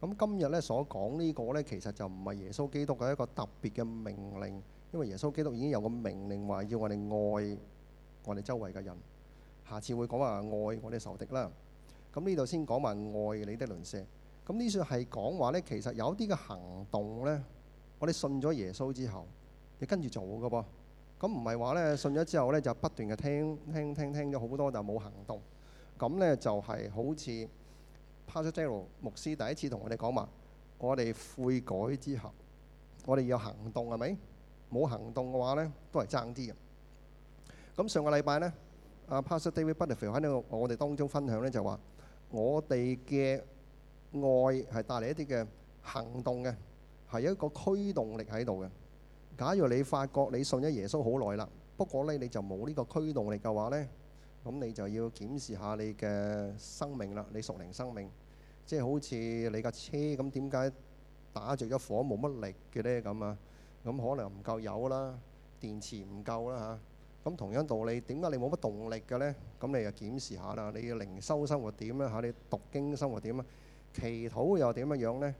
咁今日咧所講呢個呢，其實就唔係耶穌基督嘅一個特別嘅命令，因為耶穌基督已經有個命令話要我哋愛我哋周圍嘅人，下次會講話愛我哋仇敵啦。咁呢度先講埋愛你的鄰舍。咁呢算係講話呢，其實有啲嘅行動呢，我哋信咗耶穌之後你跟住做㗎噃。咁唔係話呢，信咗之後呢，就不斷嘅聽聽聽聽咗好多，但冇行動。咁呢就係好似。Pastor Jero 牧師第一次同我哋講話，我哋悔改之後，我哋要行動係咪？冇行動嘅話咧，都係爭啲嘅。咁上個禮拜咧，啊 Pastor David Butterfield 喺呢個我哋當中分享咧，就話我哋嘅愛係帶嚟一啲嘅行動嘅，係一個驅動力喺度嘅。假如你發覺你信咗耶穌好耐啦，不過咧你就冇呢個驅動力嘅話咧，咁你就要檢視下你嘅生命啦，你屬靈生命。即係好似你架車咁，點解打著咗火冇乜力嘅咧？咁啊，咁可能唔夠油啦，電池唔夠啦嚇。咁同樣道理，點解你冇乜動力嘅咧？咁你又檢視下啦，你嘅靈修生活點啊？嚇，你讀經生活點啊？祈禱又點樣樣咧？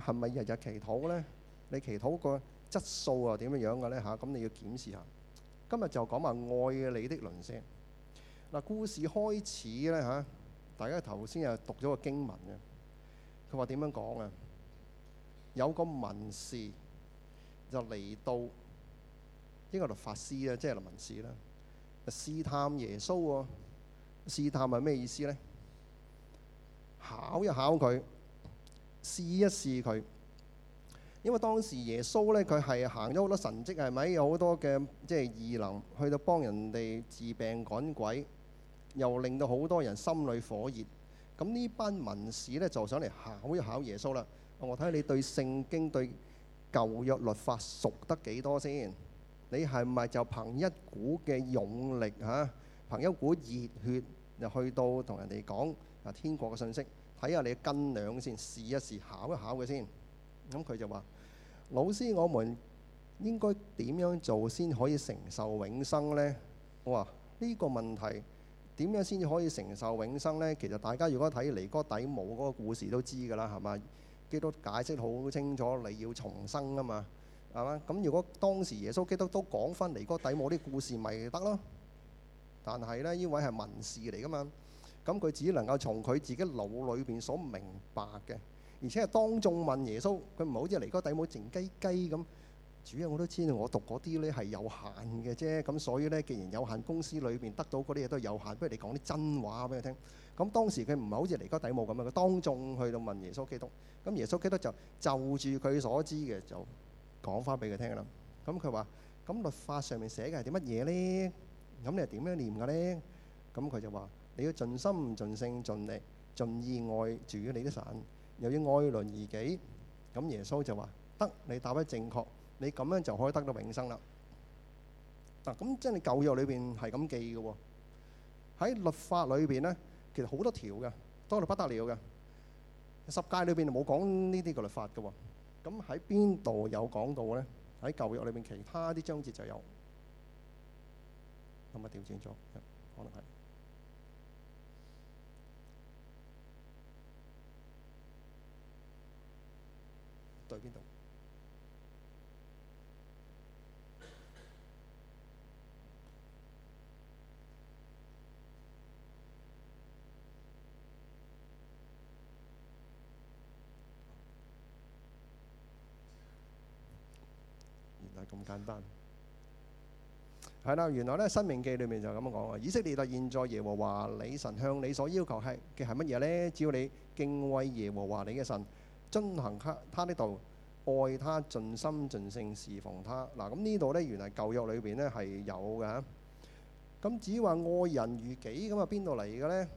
係咪日日祈禱咧？你祈禱個質素又點樣樣嘅咧？嚇，咁你要檢視下。今日就講埋愛你的鄰舍。嗱，故事開始咧嚇。大家頭先又讀咗個經文嘅，佢話點樣講啊？有個文士就嚟到，呢個律法師啊，即係律文士啦，試探耶穌喎。試探係咩意思咧？考一考佢，試一試佢。因為當時耶穌咧，佢係行咗好多神蹟，係咪有好多嘅即係異能，去到幫人哋治病趕鬼。又令到好多人心裏火熱。咁呢班文士呢，就想嚟考一考耶穌啦。我睇下你對聖經、對舊約律法熟得幾多先？你係咪就憑一股嘅勇力吓、啊、憑一股熱血就去到同人哋講啊天國嘅信息？睇下你斤兩先，試一試考一考嘅先。咁佢就話：老師，我們應該點樣做先可以承受永生呢？我我話呢個問題。點樣先至可以承受永生呢？其實大家如果睇尼哥底母嗰個故事都知㗎啦，係嘛？基督解釋好清楚，你要重生啊嘛，係嘛？咁如果當時耶穌基督都講翻尼哥底母啲故事，咪得咯？但係呢，呢位係文士嚟㗎嘛，咁佢只能夠從佢自己腦裏邊所明白嘅，而且係當眾問耶穌，佢唔好似尼哥底母靜雞雞咁。主要我都知道，我讀嗰啲呢係有限嘅啫。咁所以呢，既然有限公司裏面得到嗰啲嘢都有限，不如你講啲真話俾佢聽。咁當時佢唔係好似尼哥底母咁啊！佢當眾去到問耶穌基督。咁耶穌基督就就住佢所知嘅就講翻俾佢聽啦。咁佢話：咁律法上面寫嘅係啲乜嘢呢？咁你係點樣念嘅呢？咁佢就話：你要盡心、盡性、盡力、盡意愛主你嘅神，又要愛鄰如己。咁耶穌就話：得，你答得正確。你咁樣就可以得到永生啦。嗱，咁真係舊約裏邊係咁記嘅喎。喺律法裏邊咧，其實好多條嘅，多到不得了嘅。十戒裏邊冇講呢啲嘅律法嘅喎。咁喺邊度有講到咧？喺舊約裏邊其他啲章節就有。咁啊，調整咗，可能係。對邊度？簡單係啦，原來咧《申命記》裏面就咁樣講啊！以色列現在耶和華你神向你所要求係嘅係乜嘢咧？只要你敬畏耶和華你嘅神，遵行他他的道，愛他，盡心盡性侍奉他嗱。咁呢度咧，原嚟舊約裏邊咧係有嘅㗎。咁至於話愛人如己咁啊，邊度嚟嘅咧？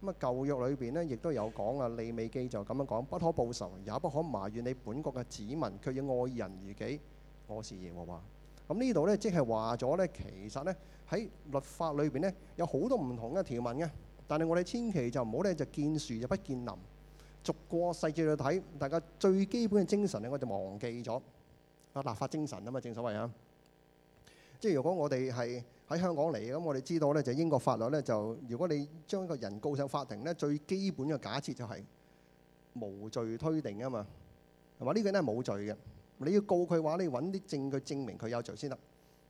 咁啊，舊約裏邊咧亦都有講啊，《利未記》就咁樣講，不可報仇，也不可埋怨你本國嘅子民，卻要愛人如己。我是耶和華。咁、 嗯、呢度咧，即係話咗咧，其實咧喺律法裏邊咧，有好多唔同嘅條文嘅。但係我哋千祈就唔好咧，就見樹就不見林。逐個細節去睇，大家最基本嘅精神咧，我就忘記咗啊！立法精神啊嘛，正所謂啊。即係如果我哋係喺香港嚟嘅，咁我哋知道咧，就是、英國法律咧，就如果你將一個人告上法庭咧，最基本嘅假設就係、是、無罪推定啊嘛。係嘛？呢個人係冇罪嘅。你要告佢話，你要揾啲證據證明佢有罪先啦。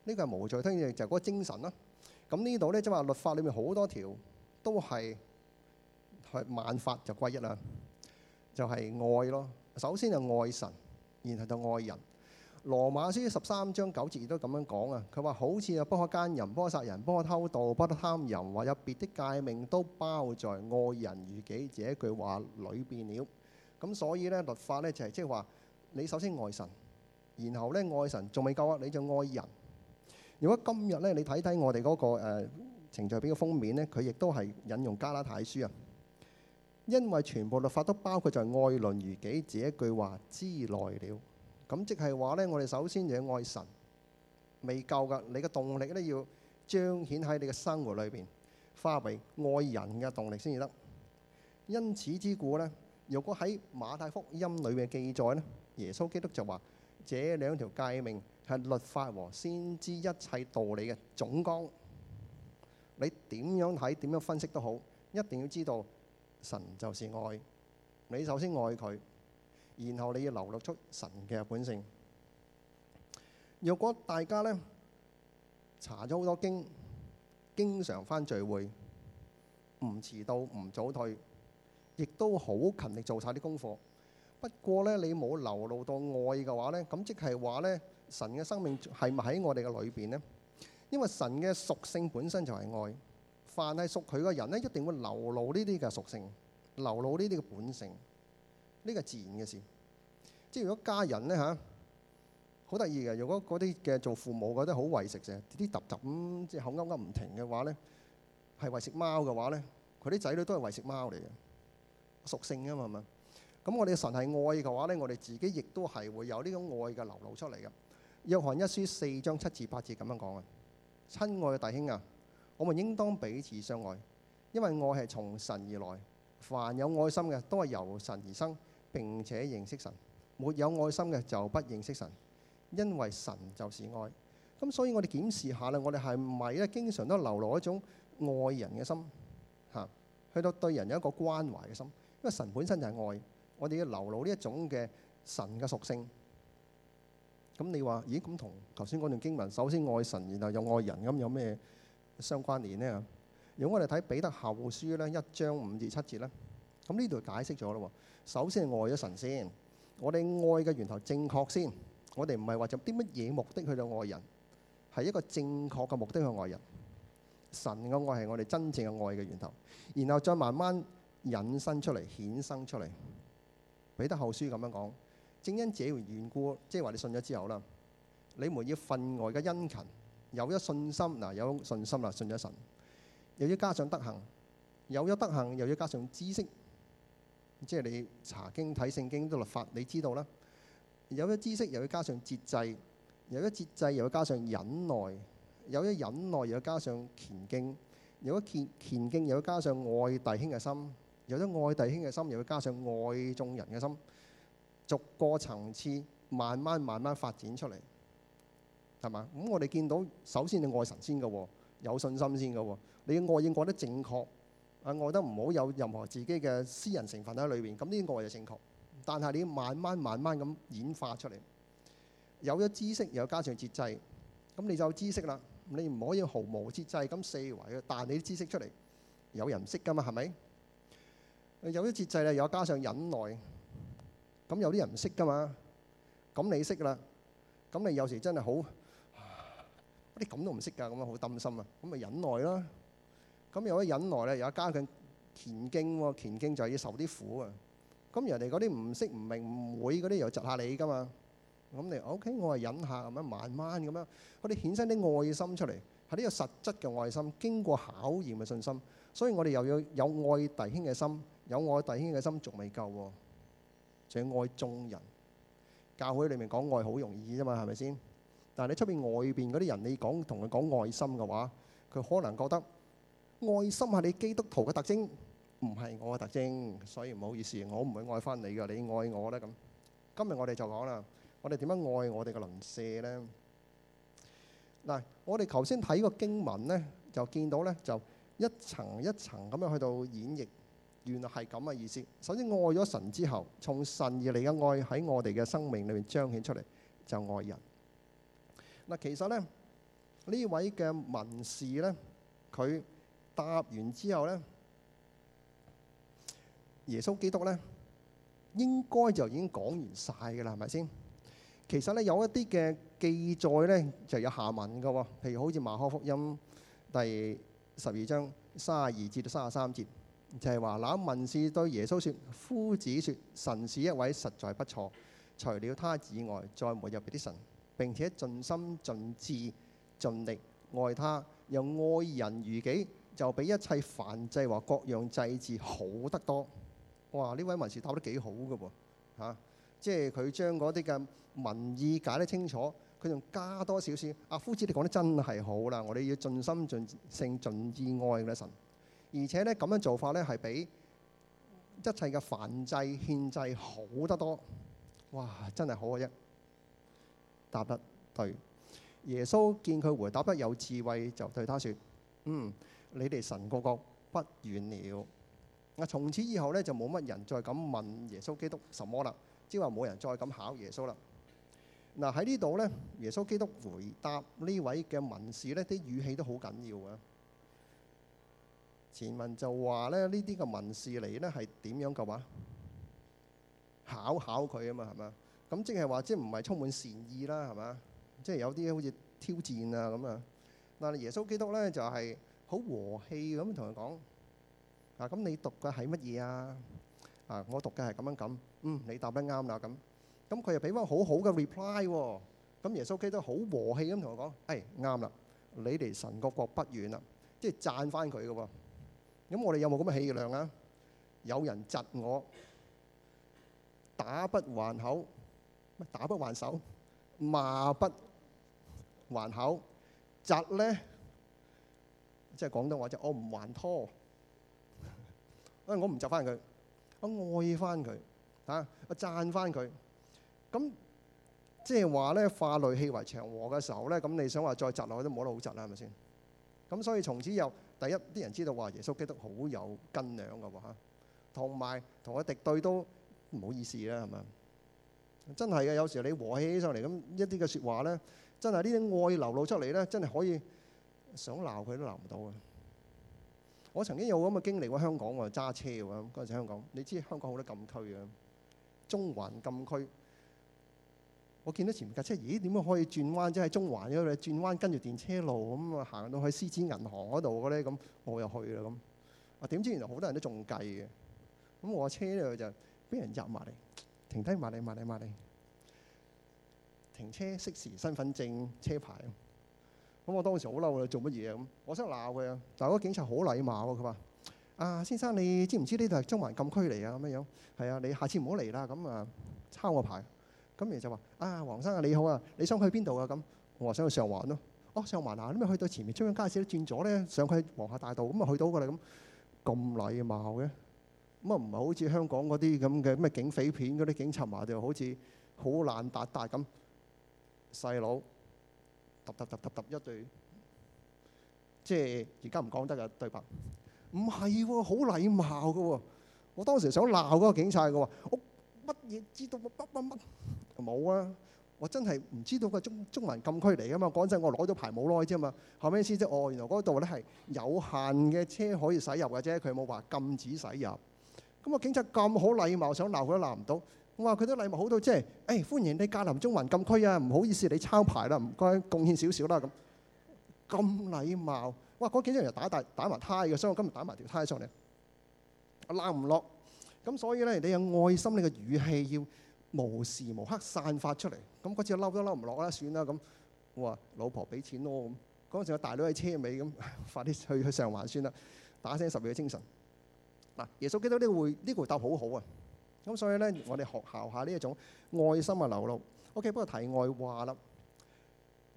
呢個係無罪，當然就係嗰個精神啦。咁呢度咧，即係話律法裏面好多條都係去萬法就歸一啦，就係愛咯。首先就愛神，然後就愛人。羅馬書十三章九節亦都咁樣講啊。佢話好似啊，不可奸淫，不可殺人，不可偷盜，不可貪淫，或有別的誡命，都包在愛人如己這一句話裏邊了。咁所以咧，律法咧就係即係話。你首先愛神，然後咧愛神仲未夠啊！你就愛人。如果今日咧，你睇睇我哋嗰個誒程序表嘅封面咧，佢亦都係引用加拉太書啊。因為全部律法都包括在愛鄰如己這一句話之內了。咁即係話咧，我哋首先就要愛神，未夠㗎。你嘅動力咧要彰顯喺你嘅生活裏邊，化為愛人嘅動力先至得。因此之故咧，如果喺馬太福音裏邊嘅記載咧。耶穌基督就話：這兩條誡命係律法和先知一切道理嘅總綱。你點樣睇、點樣分析都好，一定要知道神就是愛。你首先愛佢，然後你要流露出神嘅本性。若果大家咧查咗好多經，經常返聚會，唔遲到唔早退，亦都好勤力做晒啲功課。不過咧，你冇流露到愛嘅話咧，咁即係話咧，神嘅生命係咪喺我哋嘅裏邊呢？因為神嘅屬性本身就係愛，凡係屬佢嘅人咧，一定會流露呢啲嘅屬性，流露呢啲嘅本性，呢個自然嘅事。即係如果家人咧吓，好得意嘅。如果嗰啲嘅做父母覺得好餵食成，啲揼揼即係口噏噏唔停嘅話咧，係餵食貓嘅話咧，佢啲仔女都係餵食貓嚟嘅，屬性啊嘛，係嘛。咁我哋神係愛嘅話咧，我哋自己亦都係會有呢種愛嘅流露出嚟嘅。約翰一書四章七字八字咁樣講啊：親愛嘅弟兄啊，我們應當彼此相愛，因為愛係從神而來。凡有愛心嘅，都係由神而生，並且認識神；沒有愛心嘅，就不認識神，因為神就是愛。咁所以我哋檢視下呢，我哋係唔係咧經常都流露一種愛人嘅心？嚇，去到對人有一個關懷嘅心，因為神本身就係愛。我哋要流露呢一種嘅神嘅屬性。咁你話，咦，咁同頭先嗰段經文，首先愛神，然後又愛人，咁有咩相關聯呢？如果我哋睇彼得後書呢，一章五至七節呢，咁呢度解釋咗咯。首先係愛咗神先，我哋愛嘅源頭正確先。我哋唔係為咗啲乜嘢目的去到愛人，係一個正確嘅目的去愛人。神嘅愛係我哋真正嘅愛嘅源頭，然後再慢慢引申出嚟，衍生出嚟。彼得後書咁樣講，正因這緣故，即係話你信咗之後啦，你們要分外嘅殷勤，有咗信心，嗱，有信心啦，信咗神，又要加上德行，有咗德行又要加上知識，即係你查經睇聖經都律法，你知道啦。有咗知識又要加上節制，有咗節制又要加上忍耐，有咗忍耐又要加上虔敬，有咗虔虔敬又要加上愛弟兄嘅心。有咗愛弟兄嘅心，又會加上愛眾人嘅心，逐個層次慢慢慢慢發展出嚟，係嘛？咁我哋見到首先你愛神先嘅，有信心先嘅。你嘅愛要愛得正確，啊愛得唔好有任何自己嘅私人成分喺裏面。咁呢啲愛就正確，但係你要慢慢慢慢咁演化出嚟。有咗知識，又加上節制，咁你就知識啦。你唔可以毫無節制咁四圍去彈你啲知識出嚟，有人識㗎嘛？係咪？有啲節制咧，又加上忍耐。咁有啲人唔識噶嘛，咁你識啦。咁你有時真係好，嗰啲咁都唔識㗎，咁啊好擔心啊。咁咪忍耐啦。咁有啲忍耐咧，又加上虔敬喎。虔敬就係要受啲苦啊。咁人哋嗰啲唔識、唔明、唔會嗰啲，又窒下你㗎嘛。咁你 OK，我係忍下咁樣，慢慢咁樣。我哋顯身啲愛心出嚟，係呢個實質嘅愛心，經過考驗嘅信心。所以我哋又要有愛弟兄嘅心。有愛弟兄嘅心仲未夠喎，仲要愛眾人。教會裏面講愛好容易啫嘛，係咪先？但係你出邊外邊嗰啲人，你講同佢講愛心嘅話，佢可能覺得愛心係你基督徒嘅特徵，唔係我嘅特徵，所以唔好意思，我唔會愛翻你㗎。你愛我咧咁。今日我哋就講啦，我哋點樣愛我哋嘅鄰舍咧？嗱，我哋頭先睇個經文咧，就見到咧，就一層一層咁樣去到演繹。原來係咁嘅意思。首先愛咗神之後，從神而嚟嘅愛喺我哋嘅生命裏面彰顯出嚟，就愛人。嗱，其實呢，呢位嘅文士呢，佢答完之後呢，耶穌基督呢應該就已經講完晒㗎喇，係咪先？其實呢，有一啲嘅記載呢就有下文㗎喎、哦，譬如好似馬可福音第十二章三十二節到三十三節。就係話，嗱，文士對耶穌說：夫子說，神是一位，實在不錯。除了他以外，再沒有別的神。並且盡心盡智、盡力愛他，又愛人如己，就比一切凡制或各樣祭祀好得多。哇！呢位文士答得幾好嘅喎、啊，即係佢將嗰啲嘅文意解得清楚。佢仲加多少少，阿、啊、夫子，你講得真係好啦！我哋要盡心盡性盡意愛嗰神。而且咧，咁樣做法咧，係比一切嘅燔祭獻祭好得多，哇！真係好嘅、啊、啫，答得對。耶穌見佢回答得有智慧，就對他説：嗯，你哋神個國不遠了。啊，從此以後咧，就冇乜人再咁問耶穌基督什麼啦，之後冇人再咁考耶穌啦。嗱，喺呢度咧，耶穌基督回答呢位嘅文士呢啲語氣都好緊要啊。前文就話咧，呢啲嘅文士嚟咧係點樣嘅話考考佢啊嘛，係嘛？咁即係話即係唔係充滿善意啦，係嘛，即係有啲好似挑戰啊咁啊。但係耶穌基督咧就係好和氣咁同佢講啊。咁你讀嘅係乜嘢啊？啊，我讀嘅係咁樣咁。嗯，你答得啱啦，咁咁佢又俾翻好好嘅 reply 喎。咁耶穌基督好和氣咁同佢講誒，啱啦，你離神國國不遠啦，即係讚翻佢嘅喎。咁我哋有冇咁嘅氣量啊？有人窒我，打不還口，唔係打不還手，罵不還口，窒咧，即係廣東話就我唔還拖，啊我唔窒翻佢，我愛翻佢，嚇我讚翻佢，咁即係話咧化戾氣為祥和嘅時候咧，咁你想話再窒落去都冇得好窒啦，係咪先？咁所以從此又。第一啲人知道話耶穌基督好有斤兩㗎喎，同埋同佢敵對都唔好意思啦，係嘛？真係嘅，有時候你和氣起上嚟咁一啲嘅説話咧，真係呢啲愛流露出嚟咧，真係可以想鬧佢都鬧唔到啊！我曾經有咁嘅經歷喎，香港我揸車喎，嗰陣時香港你知香港好多禁區嘅，中環禁區。我見到前面架車，咦？點解可以轉彎？即係中環嗰度轉彎，跟住電車路咁啊，行到去獅子銀行嗰度嘅咧，咁我又去啦咁。咁點知原來好多人都仲計嘅？咁我車咧就俾人閘埋嚟，停低埋嚟，埋嚟埋嚟，停車識時，身份證、車牌。咁我當時好嬲啊，做乜嘢啊？我想鬧佢啊，但係嗰警察好禮貌喎，佢話：啊，先生，你知唔知呢度係中環禁區嚟啊？咁樣樣係啊，你下次唔好嚟啦。咁啊，抄我牌。咁而就話啊，黃生啊，你好啊，你想去邊度啊？咁我話想去上環咯。哦，上環啊，咁咪去到前面中央街市都轉咗咧，上去皇后大道咁啊，去到㗎啦咁咁禮貌嘅咁啊，唔係好似香港嗰啲咁嘅咩警匪片嗰啲警察嘛，就好似好爛達達咁細佬揼揼揼揼揼一對，即係而家唔講得嘅對白唔係喎，好禮貌嘅喎。我當時想鬧嗰個警察嘅話，我乜嘢知道乜乜乜乜。冇啊！我真係唔知道個中中文禁區嚟噶嘛？講真，我攞咗牌冇耐啫嘛。後尾先知哦，原來嗰度咧係有限嘅車可以駛入嘅啫，佢冇話禁止駛入。咁啊，警察咁好禮貌，想鬧佢都鬧唔到。我話佢都禮貌好到，即係誒歡迎你駕臨中文禁區啊！唔好意思，你抄牌啦，唔該貢獻少少啦咁。咁禮貌。哇！嗰幾張人打大打埋胎嘅，所以我今日打埋條胎上嚟。鬧唔落。咁所以咧，你有愛心，你嘅語氣要，無時無刻散發出嚟，咁嗰次嬲都嬲唔落啦，算啦咁。我話老婆俾錢咯咁。嗰陣時我大佬喺車尾咁，快啲去去上環算啦，打聲十二嘅精神。嗱、啊，耶穌基督呢個呢個回、呢個、回答好好啊。咁所以咧，我哋學校下呢一種愛心嘅流露。O.K.，不過題外話啦，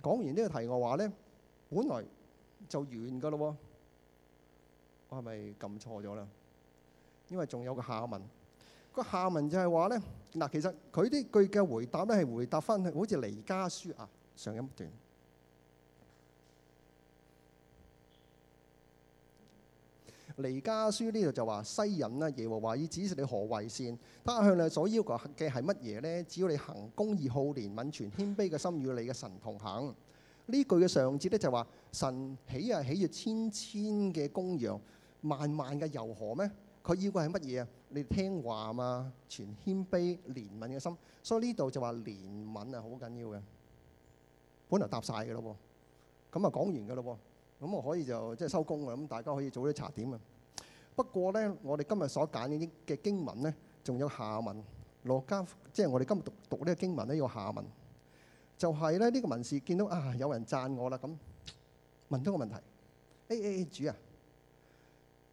講完呢個題外話咧，本來就完噶啦。我係咪撳錯咗啦？因為仲有個下文。個下文就係話咧，嗱其實佢啲句嘅回答咧係回答翻去，好似《彌迦書》啊，上一段《彌迦書》呢度就話世人啊，耶和華已指示你何為善，他向你所要求嘅係乜嘢咧？只要你行公義、好憐憫，存謙卑嘅心，與你嘅神同行。呢句嘅上節咧就話神起啊喜悅千千嘅公羊、萬萬嘅油河咩？佢要嘅係乜嘢啊？你聽話嘛？全謙卑、憐憫嘅心，所以呢度就話憐憫係好緊要嘅。本來答曬嘅咯喎，咁啊講完嘅咯喎，咁我可以就即係收工啊！咁大家可以早啲查點啊。不過咧，我哋今日所揀嘅經文咧，仲有下文。路加即係我哋今日讀讀呢個經文咧，有下文，就係咧呢個文士見到啊有人讚我啦咁，問多個問題：誒誒主啊！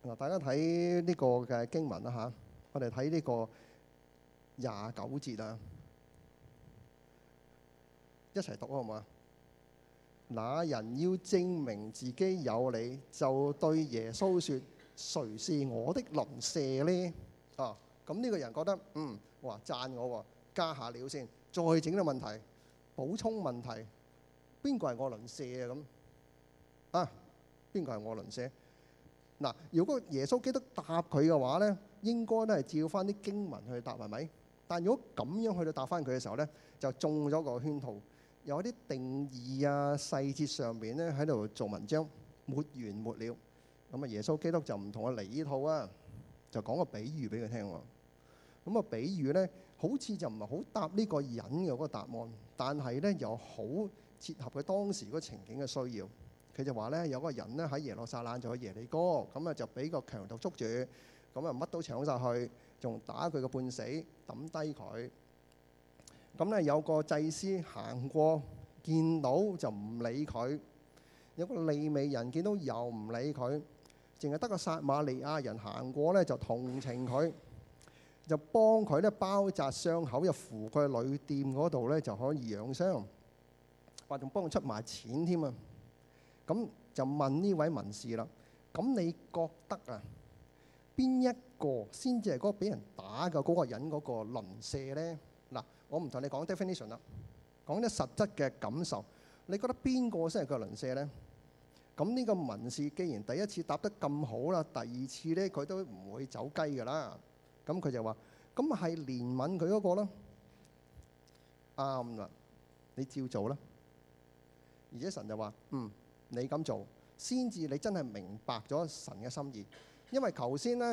嗱，大家睇呢個嘅經文啦嚇、啊，我哋睇呢個廿九節啦、啊，一齊讀好唔好啊？那人要證明自己有理，就對耶穌說：「誰是我的鄰舍呢？」啊，咁呢個人覺得嗯，哇，讚我喎、啊，加下料先，再整個問題，補充問題，邊個係我鄰舍啊？咁啊，邊個係我鄰舍？嗱，如果耶穌基督答佢嘅話呢，應該咧，係照翻啲經文去答，係咪？但如果咁樣去到答翻佢嘅時候呢，就中咗個圈套，有啲定義啊、細節上面呢，喺度做文章，沒完沒了。咁啊，耶穌基督就唔同我嚟呢套啊，就講個比喻俾佢聽喎。咁啊，比喻呢好似就唔係好答呢個人嘅嗰個答案，但係呢又好切合佢當時嗰情景嘅需要。佢就話咧，有個人咧喺耶路撒冷就係耶利哥，咁啊就俾個強盜捉住，咁啊乜都搶曬去，仲打佢個半死，抌低佢。咁咧有個祭司行過見到就唔理佢，有個利未人見到又唔理佢，淨係得個撒瑪利亞人行過咧就同情佢，就幫佢咧包紮傷口，又扶佢去旅店嗰度咧就可以養傷，話仲幫佢出埋錢添啊！咁就問呢位文士啦。咁你覺得啊，邊一個先至係嗰俾人打嘅嗰個人嗰個鄰舍咧？嗱，我唔同你講 definition 啦，講啲實質嘅感受。你覺得邊個先係佢鄰舍咧？咁呢個文士既然第一次答得咁好啦，第二次咧佢都唔會走雞噶啦。咁佢就話：，咁係憐憫佢嗰個囉，啱啦，你照做啦。而且神就話：，嗯。你咁做先至，你真係明白咗神嘅心意。因為頭先咧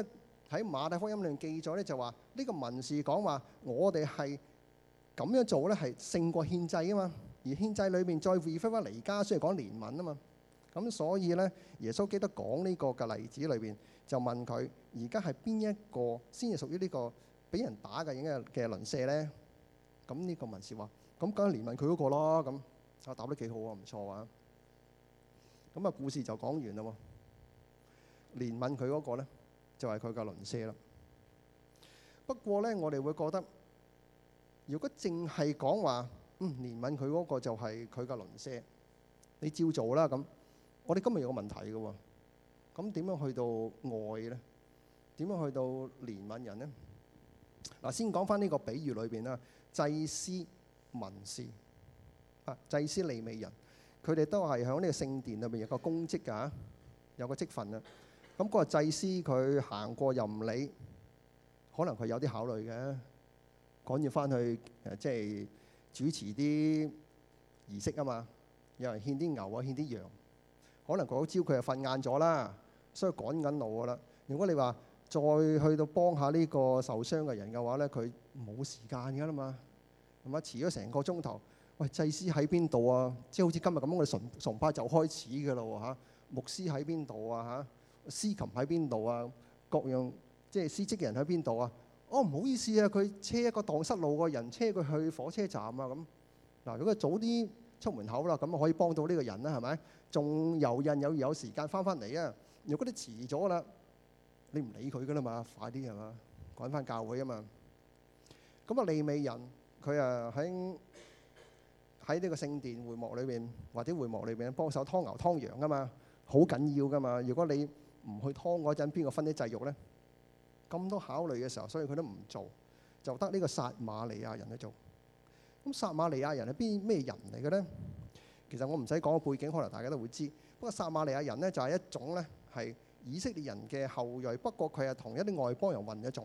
喺馬太福音裏面記咗咧，就話呢、這個文士講話，我哋係咁樣做咧，係勝過獻祭啊嘛。而獻祭裏面再 ref 翻離家，雖然講憐憫啊嘛。咁所以咧，耶穌基督講呢個嘅例子裏邊，就問佢而家係邊一個先係屬於呢個俾人打嘅嘅嘅鄰舍咧？咁呢個文士話：，咁梗係憐憫佢嗰個啦。咁啊，答得幾好啊，唔錯啊！咁啊，故事就講完啦喎。憐憫佢嗰個咧，就係佢嘅鄰舍啦。不過咧，我哋會覺得，如果淨係講話，嗯，憐憫佢嗰個就係佢嘅鄰舍，你照做啦咁。我哋今日有個問題嘅喎，咁點樣去到愛咧？點樣去到憐憫人咧？嗱，先講返呢個比喻裏邊啦，祭司、文士，啊，祭司利未人。佢哋都係喺呢個聖殿裏面有個公職㗎，有個職份啊。咁嗰個祭司佢行過又唔理，可能佢有啲考慮嘅，趕住翻去誒，即係主持啲儀式啊嘛。有人獻啲牛啊，獻啲羊，可能嗰朝佢又瞓晏咗啦，所以趕緊路㗎啦。如果你話再去到幫下呢個受傷嘅人嘅話咧，佢冇時間㗎啦嘛，咁咪遲咗成個鐘頭？喂，祭司喺邊度啊？即係好似今日咁，我哋崇崇拜就開始嘅啦喎嚇。牧師喺邊度啊？嚇、啊，司琴喺邊度啊？各樣即係司職人喺邊度啊？哦，唔好意思啊，佢車一個蕩失路嘅人，車佢去火車站啊咁嗱，啊。如果早啲出門口啦，咁啊可以幫到呢個人啦，係咪？仲游刃有餘有時間翻返嚟啊？如果你遲咗啦，你唔理佢噶啦嘛，快啲係嘛，趕翻教會啊嘛。咁啊，利未人佢啊喺。喺呢個聖殿會幕裏面，或者會幕裏面咧，幫手劏牛劏羊噶嘛，好緊要噶嘛。如果你唔去劏嗰陣，邊個分啲祭肉呢？咁多考慮嘅時候，所以佢都唔做，就得呢個撒瑪利亞人去做。咁撒瑪利亞人係邊咩人嚟嘅呢？其實我唔使講個背景，可能大家都會知。不過撒瑪利亞人呢，就係一種呢，係以色列人嘅後裔，不過佢係同一啲外邦人混一種。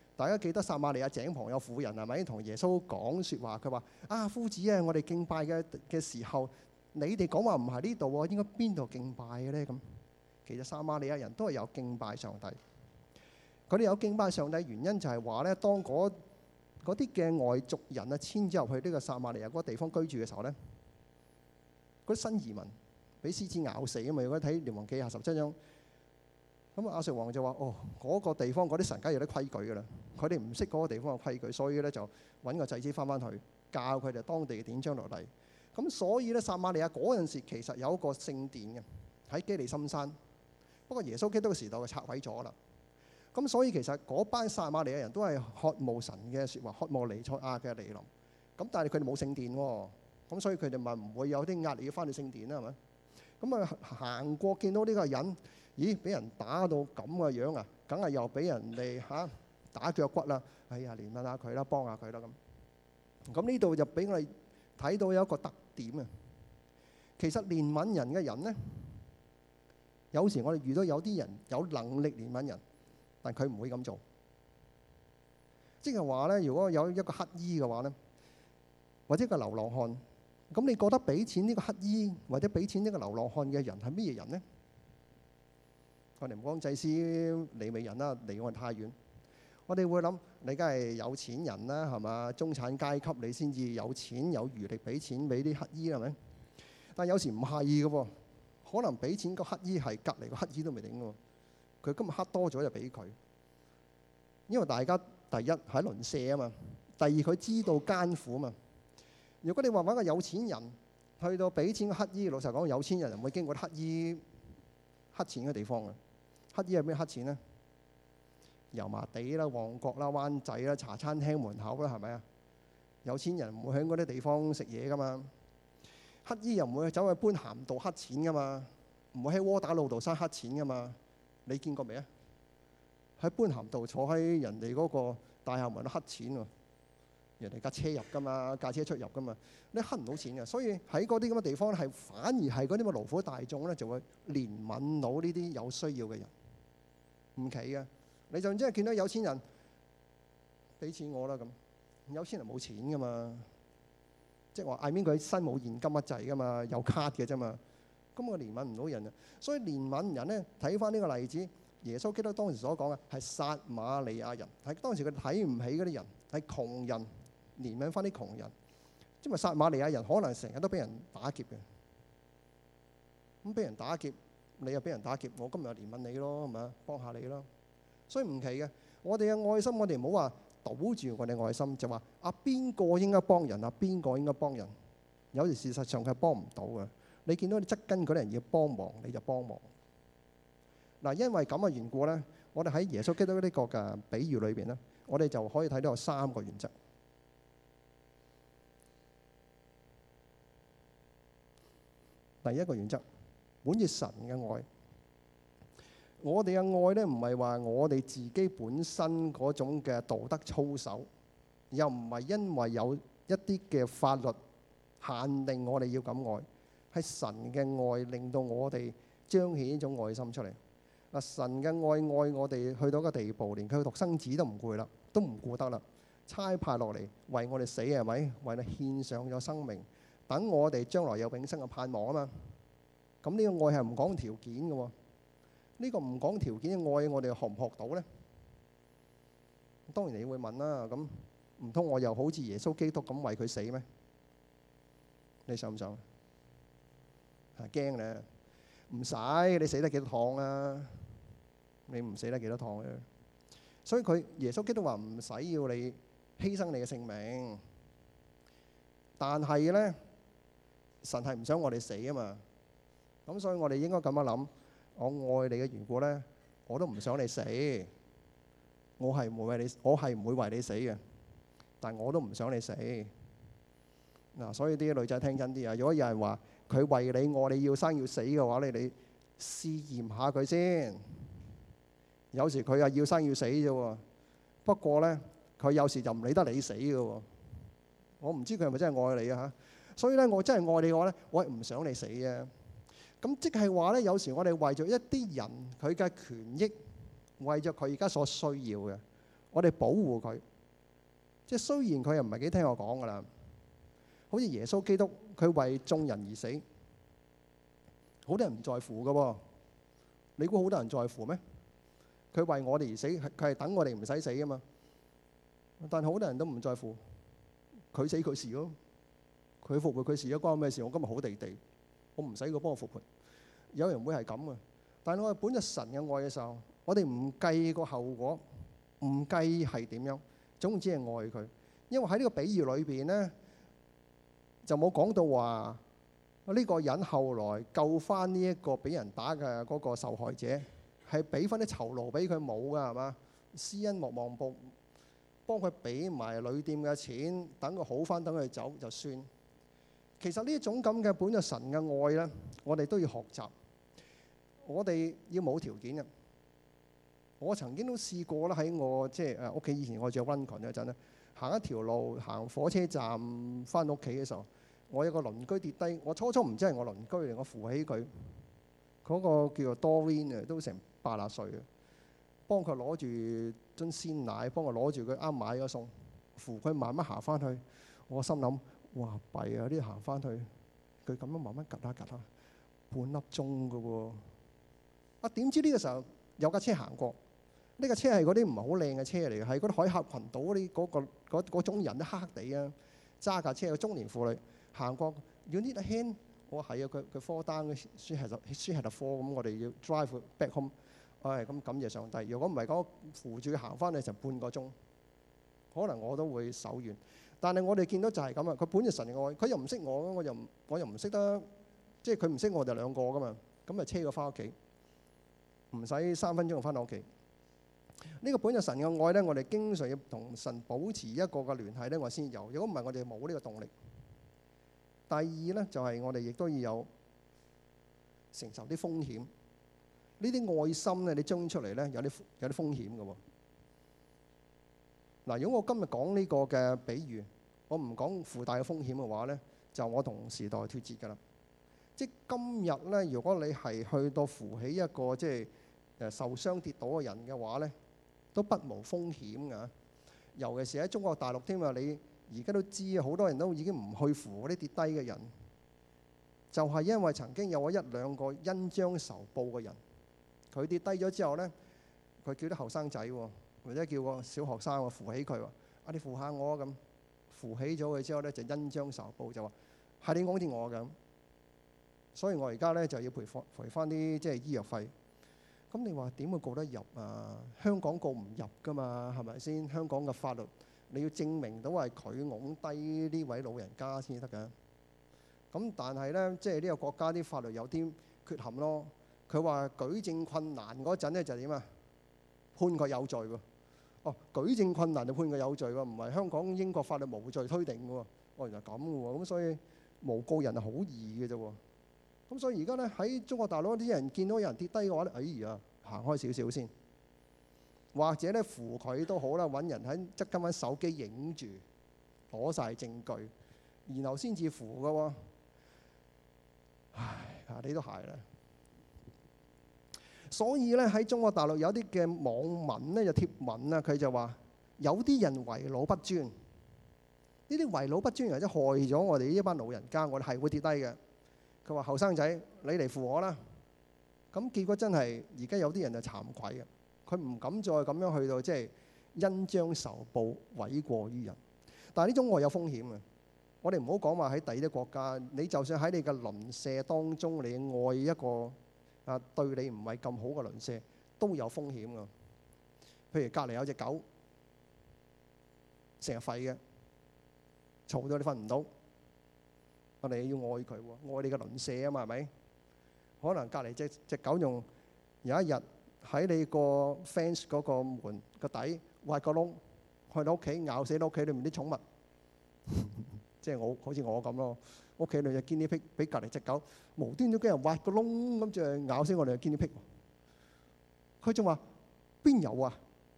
大家記得撒瑪利亞井旁有婦人係咪同耶穌講説話？佢話：啊夫子啊，我哋敬拜嘅嘅時候，你哋講話唔係呢度喎，應該邊度敬拜嘅咧？咁其實撒瑪利亞人都係有敬拜上帝。佢哋有敬拜上帝原因就係話咧，當嗰啲嘅外族人啊遷咗入去呢個撒瑪利亞嗰個地方居住嘅時候咧，嗰啲新移民俾獅子咬死啊嘛！如果睇《列王記》下十七章。咁啊，亞述王就話：哦，嗰、那個地方嗰啲神家有啲規矩噶啦，佢哋唔識嗰個地方嘅規矩，所以咧就揾個祭司翻翻去教佢哋當地嘅典章律例。咁所以咧，撒瑪利亞嗰陣時其實有一個聖殿嘅喺基利心山，不過耶穌基督嘅時代就拆毀咗啦。咁所以其實嗰班撒瑪利亞人都係渴慕神嘅説話，渴慕彌賽亞嘅嚟臨。咁、啊、但係佢哋冇聖殿，咁所以佢哋咪唔會有啲壓力要翻去聖殿啦，係咪？咁啊，行過見到呢個人。咦！俾人打到咁嘅樣啊，梗係又俾人哋嚇打腳骨啦！哎呀，憐憫下佢啦，幫下佢啦咁。咁呢度就俾我哋睇到有一個特點啊。其實憐憫人嘅人咧，有時我哋遇到有啲人有能力憐憫人，但佢唔會咁做。即係話咧，如果有一個乞衣嘅話咧，或者一個流浪漢，咁你覺得俾錢呢個乞衣或者俾錢呢個流浪漢嘅人係咩人咧？愛蓮光祭師李美人啦，離我太遠。我哋會諗你梗係有錢人啦，係嘛？中產階級你先至有錢有餘力俾錢俾啲乞衣啦，係咪？但有時唔係嘅，可能俾錢個乞衣係隔籬個乞衣都未定嘅喎。佢今日乞多咗就俾佢，因為大家第一係鄰舍啊嘛，第二佢知道艱苦啊嘛。如果你話揾個有錢人去到俾錢個乞衣，老實講，有錢人唔會經過乞衣乞錢嘅地方嘅。乞兒有咩乞錢呢？油麻地啦、旺角啦、灣仔啦、茶餐廳門口啦，係咪啊？有錢人唔會喺嗰啲地方食嘢㗎嘛？乞兒又唔會走去般咸道乞錢㗎嘛？唔會喺窩打老道生乞錢㗎嘛？你見過未啊？喺般咸道坐喺人哋嗰個大廈門都乞錢喎，人哋架車入㗎嘛，架車出入㗎嘛，你乞唔到錢㗎。所以喺嗰啲咁嘅地方咧，係反而係嗰啲咁嘅勞苦大眾咧，就會憐憫到呢啲有需要嘅人。唔企嘅，你就即係見到有錢人俾錢我啦咁。有錢人冇錢噶嘛，即係話，I mean 佢身冇現金一滯噶嘛，有卡嘅啫嘛。咁我憐憫唔到人啊。所以憐憫人咧，睇翻呢個例子，耶穌基督當時所講嘅係撒瑪利亞人係當時佢睇唔起嗰啲人，係窮人憐憫翻啲窮人，因為撒瑪利亞人可能成日都俾人打劫嘅，咁俾人打劫。你又俾人打劫，我今日又連問你咯，係咪啊？幫下你咯，所以唔奇嘅。我哋嘅愛心，我哋唔好話堵住我哋愛心，就話啊，邊個應該幫人啊，邊個應該幫人。有時，事實上佢係幫唔到嘅。你見到你側根嗰啲人要幫忙，你就幫忙。嗱，因為咁嘅緣故咧，我哋喺耶穌基督呢個嘅比喻裏邊咧，我哋就可以睇到有三個原則。第一個原則。本住神嘅愛，我哋嘅愛呢唔係話我哋自己本身嗰種嘅道德操守，又唔係因為有一啲嘅法律限定我哋要咁愛，係神嘅愛令到我哋彰顯一種愛心出嚟。嗱，神嘅愛愛我哋去到個地步，連佢獨生子都唔攰啦，都唔顧得啦，差派落嚟為我哋死係咪？為你獻上咗生命，等我哋將來有永生嘅盼望啊嘛～咁呢個愛係唔講條件嘅喎、哦，呢、呢個唔講條件嘅愛，我哋學唔學到呢？當然你會問啦，咁唔通我又好似耶穌基督咁為佢死咩？你想唔想？嚇驚咧，唔使你死得幾多趟啊？你唔死得幾多趟咧、啊？所以佢耶穌基督話唔使要你犧牲你嘅性命，但係呢，神係唔想我哋死啊嘛。咁所以，我哋應該咁樣諗。我愛你嘅緣故咧，我都唔想你死。我係唔會為你，我係唔會為你死嘅。但我都唔想你死嗱。所以啲女仔聽真啲啊！如果有人話佢為你愛你要生要死嘅話咧，你你試驗下佢先。有時佢啊要生要死啫喎，不過咧佢有時就唔理得你死嘅喎。我唔知佢係咪真係愛你啊？嚇，所以咧，我真係愛你嘅話咧，我係唔想你死嘅。咁即係話咧，有時我哋為咗一啲人佢嘅權益，為咗佢而家所需要嘅，我哋保護佢。即係雖然佢又唔係幾聽我講噶啦，好似耶穌基督，佢為眾人而死。好多人唔在乎噶喎，你估好多人在乎咩？佢為我哋而死，佢係等我哋唔使死啊嘛。但係好多人都唔在乎，佢死佢事咯，佢復活佢事，而家關我咩事？我今日好地地。我唔使佢幫我復盤，有人會係咁嘅。但係我係本着神嘅愛嘅時候，我哋唔計個後果，唔計係點樣，總之係愛佢。因為喺呢個比喻裏邊咧，就冇講到話呢個人後來救翻呢一個俾人打嘅嗰個受害者，係俾翻啲酬勞俾佢冇噶係嘛？施恩莫望報，幫佢俾埋旅店嘅錢，等佢好翻，等佢走就算。其實呢種咁嘅本著神嘅愛咧，我哋都要學習。我哋要冇條件嘅。我曾經都試過啦，喺我即係誒屋企以前我住喺温琴嗰陣咧，行一條路，行火車站翻屋企嘅時候，我有個鄰居跌低，我初初唔知係我鄰居嚟，我扶起佢。嗰、那個叫做 Doreen 啊，都成八十歲啊，幫佢攞住樽鮮奶，幫佢攞住佢啱買嘅餸，扶佢慢慢行翻去。我心諗。哇弊啊！呢度行翻去，佢咁樣慢慢趌下趌下，半粒鐘噶喎。啊，點知呢個時候有架車行過，呢、這、架、個、車係嗰啲唔係好靚嘅車嚟嘅，係嗰啲海峽群島嗰啲嗰個種、那個那個、人都黑黑地啊，揸架車嘅中年婦女行過。You need a hand？我係啊，佢佢 fall down，she she 咁，我哋要 drive back home。唉、哎，咁感謝上帝。如果唔係嗰個扶住佢行翻去就半個鐘，可能我都會手軟。但係我哋見到就係咁啊！佢本著神嘅愛，佢又唔識我我又唔我又唔識得，即係佢唔識我哋兩個㗎嘛，咁咪車佢返屋企，唔使三分鐘就返到屋企。呢、呢個本著神嘅愛咧，我哋經常要同神保持一個嘅聯繫咧，我先有。如果唔係，我哋冇呢個動力。第二咧，就係、係、我哋亦都要有承受啲風險。呢啲愛心咧，你將出嚟咧，有啲有啲風險嘅喎。嗱，如果我今日講呢個嘅比喻，我唔講附帶嘅風險嘅話呢，就我同時代脫節㗎啦。即今日呢，如果你係去到扶起一個即係受傷跌倒嘅人嘅話呢，都不無風險㗎。尤其是喺中國大陸添啊，你而家都知好多人都已經唔去扶嗰啲跌低嘅人，就係因為曾經有咗一兩個恩將仇報嘅人，佢跌低咗之後呢，佢叫啲後生仔喎。或者叫個小學生喎，扶起佢喎，啊你扶下我咁，扶起咗佢之後咧，就恩將仇報，就話係你㧬我咁，所以我而家咧就要賠償賠翻啲即係醫藥費。咁你話點會告得入啊？香港告唔入噶嘛？係咪先？香港嘅法律你要證明到係佢㧬低呢位老人家先得㗎。咁但係咧即係呢、就是、個國家啲法律有啲缺陷咯。佢話舉證困難嗰陣咧就點、是、啊？判佢有罪喎。哦，舉證困難就判佢有罪喎，唔係香港英國法律無罪推定嘅喎？哦原來咁嘅喎，咁所以誣告人係好易嘅啫喎，咁所以而家咧喺中國大陸啲人見到有人跌低嘅話咧，哎呀，行開少少先，或者咧扶佢都好啦，揾人喺側邊揾手機影住，攞晒證據，然後先至扶嘅喎，唉，啊呢都係啦～所以咧喺中國大陸有啲嘅網民咧就貼文啊，佢就話有啲人為老不尊，呢啲為老不尊，或者害咗我哋呢班老人家，我哋係會跌低嘅。佢話後生仔你嚟扶我啦，咁結果真係而家有啲人就慚愧嘅，佢唔敢再咁樣去到即係恩將仇報、毀過於人。但係呢種愛有風險嘅，我哋唔好講話喺第啲國家，你就算喺你嘅鄰舍當中你愛一個。啊，對你唔係咁好嘅鄰舍都有風險㗎。譬如隔離有隻狗，成日吠嘅，吵到你瞓唔到。我哋要愛佢喎，愛你嘅鄰舍啊嘛，係咪？可能隔離隻隻狗仲有一日喺你個 fence 嗰個門個底挖個窿，去到你屋企咬死你屋企裏面啲寵物，即係我好似我咁咯。屋企兩隻 guinea pig，俾隔離隻狗無端端俾人挖個窿，咁就咬死我哋嘅 guinea pig。佢仲話：邊有啊？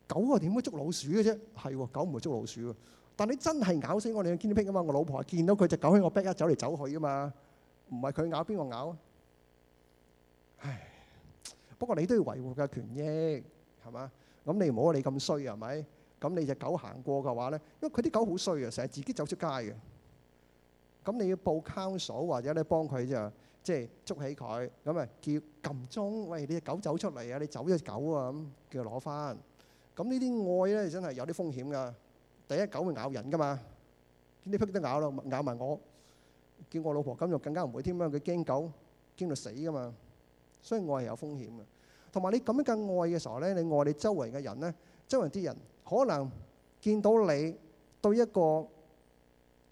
狗又點會捉老鼠嘅啫？係喎，狗唔會捉老鼠嘅。但你真係咬死我哋嘅 guinea pig 啊嘛！我老婆見到佢隻狗喺我壁一走嚟走去啊嘛，唔係佢咬邊個咬啊？唉，不過你都要維護嘅權益係嘛？咁你唔好話你咁衰係咪？咁你隻狗行過嘅話咧，因為佢啲狗好衰啊，成日自己走出街嘅。咁你要報 count 數，或者咧幫佢就即係捉起佢，咁啊叫撳鐘。餵你隻狗走出嚟啊！你走咗隻狗啊咁，叫佢攞翻。咁呢啲愛咧真係有啲風險㗎。第一狗會咬人㗎嘛，見你劈得咬咯，咬埋我。叫我老婆咁就更加唔會添啦。佢驚狗驚到死㗎嘛，所以愛係有風險嘅。同埋你咁樣嘅愛嘅時候咧，你愛你周圍嘅人咧，周圍啲人可能見到你對一個。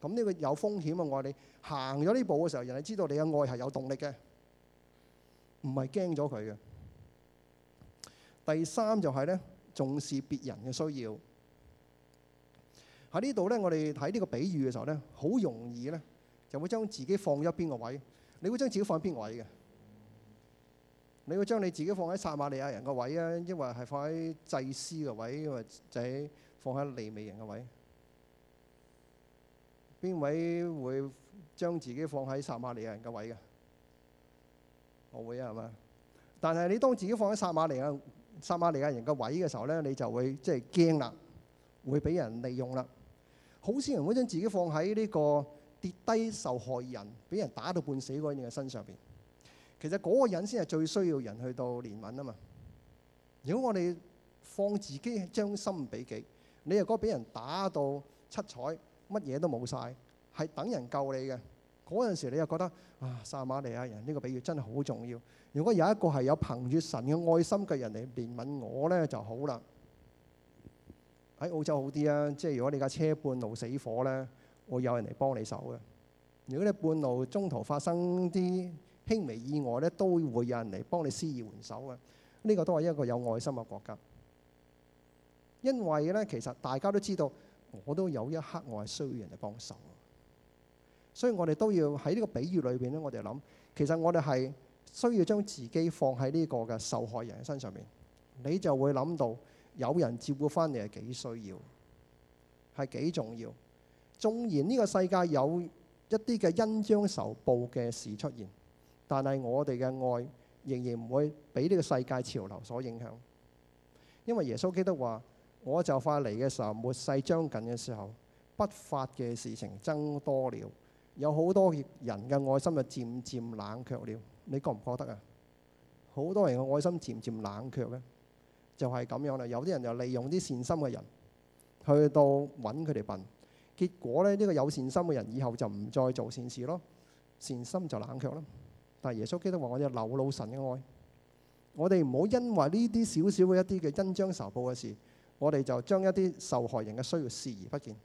咁呢個有風險啊！我話你行咗呢步嘅時候，人哋知道你嘅愛係有動力嘅，唔係驚咗佢嘅。第三就係咧，重視別人嘅需要。喺呢度咧，我哋睇呢個比喻嘅時候咧，好容易咧，就會將自己放喺邊個位？你會將自己放喺邊個位嘅？你會將你自己放喺撒瑪利亞人嘅位啊？抑或係放喺祭司嘅位，或者放喺利未人嘅位。邊位會將自己放喺撒瑪利亞人嘅位嘅？我會啊，係嘛？但係你當自己放喺撒瑪利亞撒瑪利亞人嘅位嘅時候咧，你就會即係驚啦，會俾人利用啦。好少人會將自己放喺呢個跌低受害人，俾人打到半死嗰個人身上邊。其實嗰個人先係最需要人去到憐憫啊嘛。如果我哋放自己將心比己，你又覺俾人打到七彩，乜嘢都冇曬，係等人救你嘅。嗰陣時你又覺得啊，撒瑪利亞人呢個比喻真係好重要。如果有一個係有憑著神嘅愛心嘅人嚟憐憫我咧，就好啦。喺澳洲好啲啊，即係如果你架車半路死火咧，會有人嚟幫你手嘅。如果你半路中途發生啲輕微意外咧，都會有人嚟幫你施以援手嘅。呢個都係一個有愛心嘅國家。因為咧，其實大家都知道。我都有一刻我係需要人哋幫手，所以我哋都要喺呢個比喻裏邊咧，我哋諗其實我哋係需要將自己放喺呢個嘅受害人嘅身上面，你就會諗到有人照顧翻你係幾需要，係幾重要。縱然呢個世界有一啲嘅恩將仇報嘅事出現，但係我哋嘅愛仍然唔會俾呢個世界潮流所影響，因為耶穌基督話。我就快嚟嘅時候，末世將近嘅時候，不法嘅事情增多了，有好多人嘅愛心就漸漸冷卻了。你覺唔覺得啊？好多人嘅愛心漸漸冷卻呢，就係、是、咁樣啦。有啲人就利用啲善心嘅人去到揾佢哋笨，結果呢，呢、這個有善心嘅人以後就唔再做善事咯，善心就冷卻啦。但耶穌基督話：我哋流露神嘅愛，我哋唔好因為呢啲少少嘅一啲嘅恩將仇報嘅事，我哋就將一啲受害人嘅需要視而不見，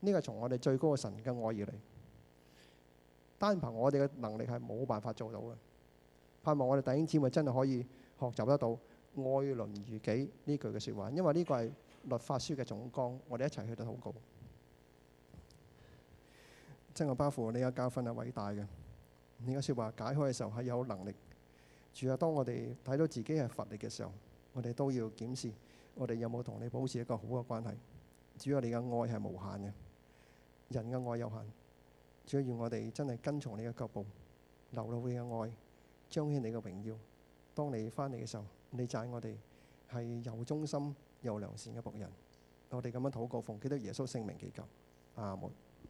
呢個係從我哋最高嘅神嘅愛而嚟。單憑我哋嘅能力係冇辦法做到嘅。盼望我哋弟兄姊妹真係可以學習得到愛鄰如己呢句嘅説話，因為呢個係律法書嘅總綱。我哋一齊去禱告，真愛包括你嘅教訓係偉大嘅。你嘅説話解開嘅時候係有能力。主要當我哋睇到自己係乏力嘅時候，我哋都要檢視。我哋有冇同你保持一個好嘅關係？主要你嘅愛係無限嘅，人嘅愛有限。主要我哋真係跟從你嘅腳步，流露你嘅愛，彰顯你嘅榮耀。當你返嚟嘅時候，你讚我哋係有忠心又良善嘅僕人。我哋咁樣禱告奉基督耶穌聖名祈求，阿門。